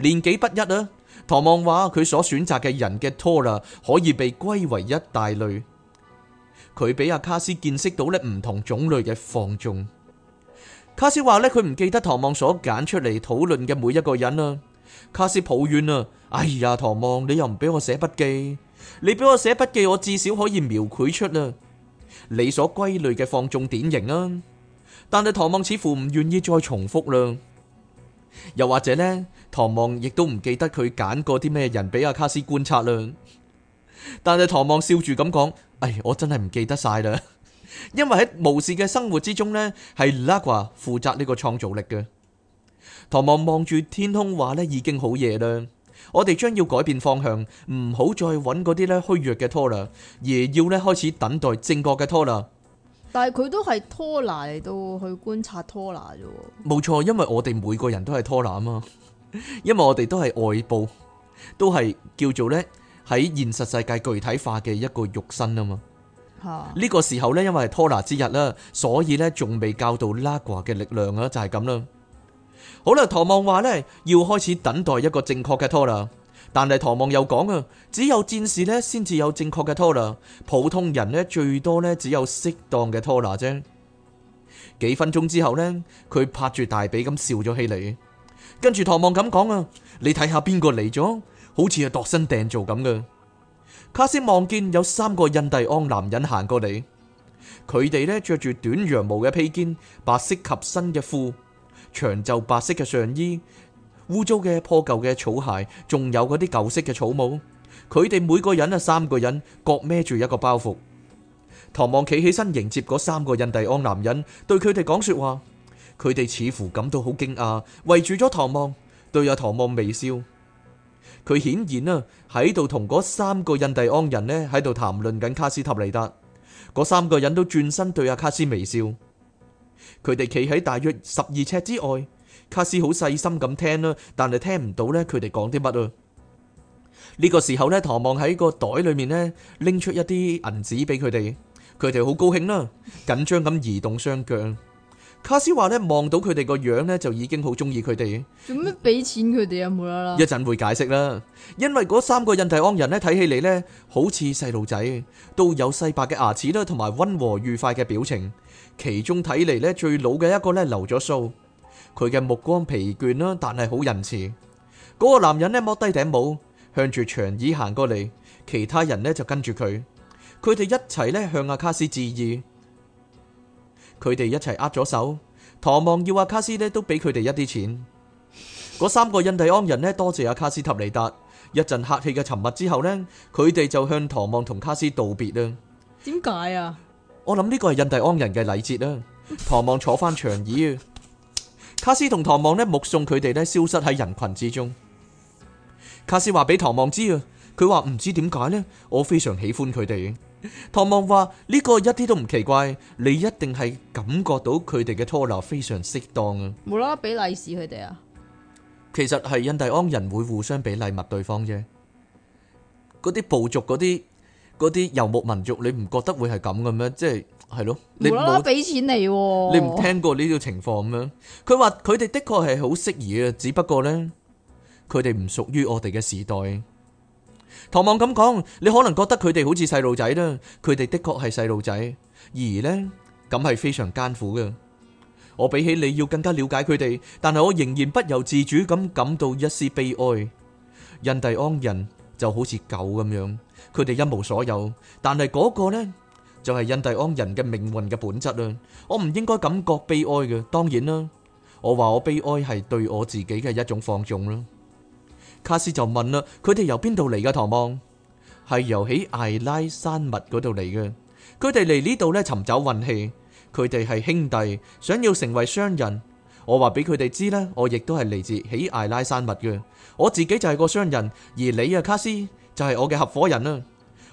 年紀不一啊，唐望話佢所選擇嘅人嘅 tonal，可以被歸為一大類。佢俾阿卡斯見識到咧唔同種類嘅放縱。卡斯話呢，佢唔記得唐望所揀出嚟討論嘅每一個人啊。卡斯抱怨啊，哎呀，唐望你又唔俾我寫筆記，你俾我寫筆記，我至少可以描繪出啊你所歸類嘅放縱典型啊。但係唐望似乎唔願意再重複啦，又或者呢。唐望亦都唔記得佢揀過啲咩人俾阿卡斯觀察啦，但係唐望笑住咁講：唉，我真係唔記得晒啦，因為喺無事嘅生活之中咧，係拉瓜負責呢個創造力嘅。唐望望住天空話呢已經好夜啦，我哋將要改變方向，唔好再揾嗰啲咧虛弱嘅 Tonal 啦，而要咧開始等待正確嘅 Tonal 啦。但係佢都係 Tonal 嚟到去觀察 Tonal 啫，冇錯，因為我哋每個人都係 Tonal 啊嘛。因為我哋都係外部，都係叫做呢，喺現實世界具體化嘅一個肉身啊嘛。呢個時候呢，因為係拖拿之日啦，所以呢，仲未教到拉掛嘅力量啊，就係咁啦。好啦，唐望話呢，要開始等待一個正確嘅拖拿，但係唐望又講啊，只有戰士呢，先至有正確嘅拖拿，普通人呢，最多呢，只有適當嘅拖拿啫。幾分鐘之後呢，佢拍住大髀咁笑咗起嚟。跟住唐望咁講啊，你睇下邊個嚟咗，好似係度身訂做咁嘅。卡斯望見有三個印第安男人行過嚟，佢哋呢着住短羊毛嘅披肩、白色及膝嘅褲、長袖白色嘅上衣、污糟嘅破舊嘅草鞋，仲有嗰啲舊式嘅草帽。佢哋每個人啊三個人，各孭住一個包袱。唐望企起身迎接嗰三個印第安男人，對佢哋講說話。佢哋似乎感到好驚訝，圍住咗唐望，對阿、啊、唐望微笑。佢顯然啊喺度同嗰三個印第安人呢喺度談論緊卡斯特利達。嗰三個人都轉身對阿、啊、卡斯微笑。佢哋企喺大約十二尺之外，卡斯好細心咁聽啦，但係聽唔到呢佢哋講啲乜啊。呢、這個時候呢，唐望喺個袋裏面呢拎出一啲銀紙俾佢哋，佢哋好高興啦，緊張咁移動雙腳。卡斯話咧望到佢哋個樣咧就已經好中意佢哋。做乜俾錢佢哋有冇啦，一陣會解釋啦。因為嗰三個印第安人咧睇起嚟，咧好似細路仔，都有細白嘅牙齒啦，同埋溫和愉快嘅表情。其中睇嚟咧最老嘅一個咧留咗鬚，佢嘅目光疲倦啦，但係好仁慈。嗰、那個男人咧摸低頂帽，向住長椅行過嚟，其他人咧就跟住佢，佢哋一齊咧向阿卡斯致意。佢哋一齊握咗手，唐望要阿、啊、卡斯咧都俾佢哋一啲錢。嗰三個印第安人咧多謝阿、啊、卡斯塔尼達。一陣客氣嘅沉默之後呢，佢哋就向唐望同卡斯道別啦。點解啊？我諗呢個係印第安人嘅禮節啦。唐望坐翻長椅，卡斯同唐望咧目送佢哋咧消失喺人群之中。卡斯話俾唐望知啊，佢話唔知點解呢，我非常喜歡佢哋。唐望話：呢、這個一啲都唔奇怪，你一定係感覺到佢哋嘅拖拉非常適當無無啊。無啦啦俾利是佢哋啊？其實係印第安人會互相俾禮物對方啫。嗰啲部族、嗰啲、嗰啲遊牧民族，你唔覺得會係咁嘅咩？即係係咯，你無啦啦俾錢、啊、你，你唔聽過呢種情況咩？佢話佢哋的確係好適宜啊，只不過呢，佢哋唔屬於我哋嘅時代。唐望咁講，你可能覺得佢哋好似細路仔啦，佢哋的確係細路仔，而呢，咁係非常艱苦嘅。我比起你要更加了解佢哋，但係我仍然不由自主咁感到一絲悲哀。印第安人就好似狗咁樣，佢哋一無所有，但係嗰個呢，就係印第安人嘅命運嘅本質啦。我唔應該感覺悲哀嘅，當然啦，我話我悲哀係對我自己嘅一種放縱啦。卡斯就問啦：佢哋由邊度嚟噶？唐望係由起艾拉山脈嗰度嚟嘅。佢哋嚟呢度呢，尋找運氣。佢哋係兄弟，想要成為商人。我話俾佢哋知呢，我亦都係嚟自起艾拉山脈嘅。我自己就係個商人，而你啊，卡斯就係、是、我嘅合夥人啦。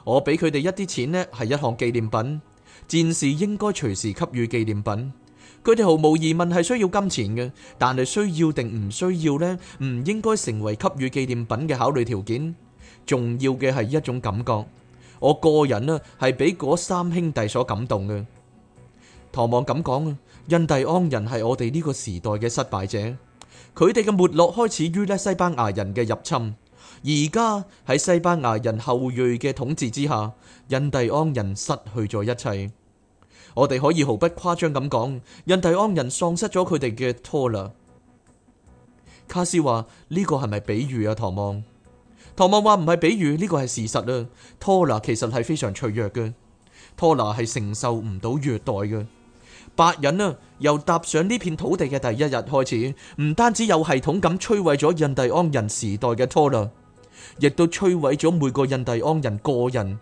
我俾佢哋一啲錢呢，係一項紀念品。戰士應該隨時給予紀念品。佢哋毫無疑問係需要金錢嘅，但係需要定唔需要呢？唔應該成為給予紀念品嘅考慮條件。重要嘅係一種感覺。我個人呢，係俾嗰三兄弟所感動嘅。唐望咁講啊，印第安人係我哋呢個時代嘅失敗者。佢哋嘅沒落開始於咧西班牙人嘅入侵。而家喺西班牙人後裔嘅統治之下，印第安人失去咗一切。我哋可以毫不誇張咁講，印第安人喪失咗佢哋嘅拖勒。卡斯話，呢個係咪比喻啊？唐望，唐望話唔係比喻，呢個係事實啊！拖勒其實係非常脆弱嘅，拖勒係承受唔到虐待嘅。白人啊，由踏上呢片土地嘅第一日開始，唔單止有系統咁摧毀咗印第安人時代嘅拖勒，亦都摧毀咗每個印第安人個人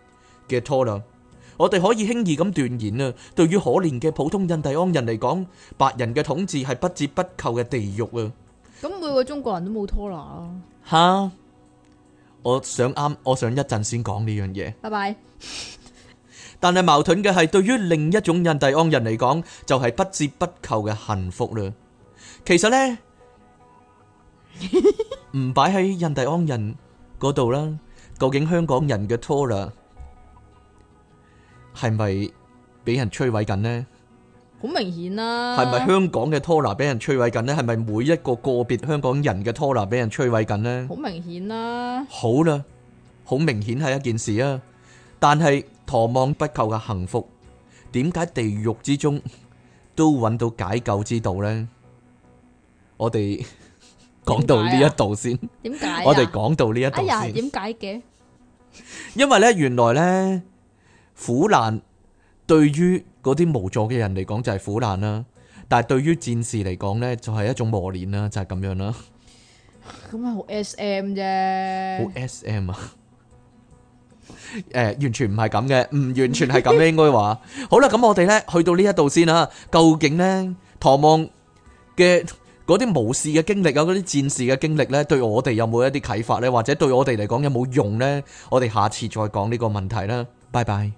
嘅拖勒。我哋可以輕易咁斷言啊，對於可憐嘅普通印第安人嚟講，白人嘅統治係不折不扣嘅地獄啊！咁每個中國人都冇 Tonal 啊！吓，我想啱，我想一陣先講呢樣嘢，拜拜。但係矛盾嘅係，對於另一種印第安人嚟講，就係不折不扣嘅幸福啦。其實呢，唔擺喺印第安人嗰度啦。究竟香港人嘅 Tonal？係咪俾人摧毀緊咧？好明顯啦！係咪香港嘅拖拿俾人摧毀緊咧？係咪每一個個別香港人嘅拖拿俾人摧毀緊咧？好明顯啦！好啦，好明顯係一件事啊！但係，唐望不求嘅幸福，點解地獄之中都揾到解救之道咧？我哋講到呢一度先，點解？我哋講到呢一度先，點解嘅？因為咧，原來咧。苦難對於嗰啲無助嘅人嚟講就係苦難啦，但係對於戰士嚟講呢就係一種磨練啦，就係咁樣啦。咁咪好 SM 啫？好 SM 啊？誒，完全唔係咁嘅，唔完全係咁應該話。好啦，咁我哋呢去到呢一度先啦。究竟呢，唐望嘅嗰啲武士嘅經歷啊，嗰啲戰士嘅經歷呢，對我哋有冇一啲啟發呢？或者對我哋嚟講有冇用呢？我哋下次再講呢個問題啦。拜拜。